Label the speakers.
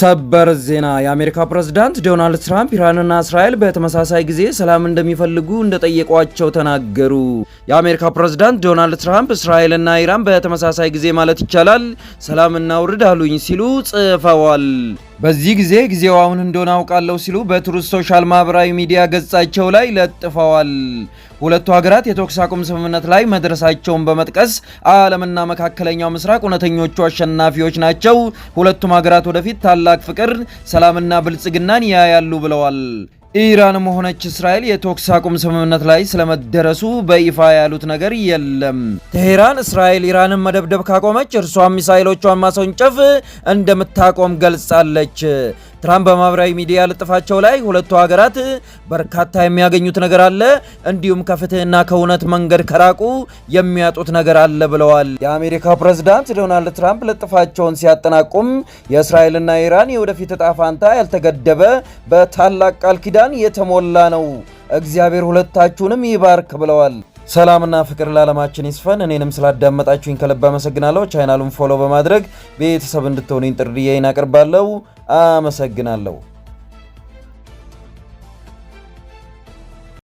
Speaker 1: ሰበር ዜና የአሜሪካ ፕሬዝዳንት ዶናልድ ትራምፕ ኢራንና እስራኤል በተመሳሳይ ጊዜ ሰላም እንደሚፈልጉ እንደጠየቋቸው ተናገሩ። የአሜሪካ ፕሬዝዳንት ዶናልድ ትራምፕ እስራኤልና ኢራን በተመሳሳይ ጊዜ ማለት ይቻላል ሰላም እናውርድ አሉኝ ሲሉ ጽፈዋል። በዚህ ጊዜ ጊዜው አሁን እንደሆነ አውቃለሁ ሲሉ በትሩስ ሶሻል ማህበራዊ ሚዲያ ገጻቸው ላይ ለጥፈዋል። ሁለቱ ሀገራት የተኩስ አቁም ስምምነት ላይ መድረሳቸውን በመጥቀስ ዓለምና መካከለኛው ምስራቅ እውነተኞቹ አሸናፊዎች ናቸው፣ ሁለቱም ሀገራት ወደፊት ታላቅ ፍቅር፣ ሰላምና ብልጽግናን ያያሉ ብለዋል። ኢራንም ሆነች እስራኤል የተኩስ አቁም ስምምነት ላይ ስለመደረሱ በይፋ ያሉት ነገር የለም። ቴሄራን እስራኤል ኢራንን መደብደብ ካቆመች እርሷም ሚሳይሎቿን ማስወንጨፍ እንደምታቆም ገልጻለች። ትራምፕ በማህበራዊ ሚዲያ ልጥፋቸው ላይ ሁለቱ ሀገራት በርካታ የሚያገኙት ነገር አለ፣ እንዲሁም ከፍትህና ከእውነት መንገድ ከራቁ የሚያጡት ነገር አለ ብለዋል። የአሜሪካው ፕሬዝዳንት ዶናልድ ትራምፕ ልጥፋቸውን ሲያጠናቁም የእስራኤልና ኢራን የወደፊት እጣ ፋንታ ያልተገደበ በታላቅ ቃል ኪዳን የተሞላ ነው፣ እግዚአብሔር ሁለታችሁንም ይባርክ ብለዋል። ሰላምና ፍቅር ለዓለማችን ይስፈን። እኔንም ስላዳመጣችሁኝ ከልብ አመሰግናለሁ። ቻናሉን ፎሎ በማድረግ ቤተሰብ እንድትሆኑኝ ጥሪዬን አቅርባለሁ። አመሰግናለሁ።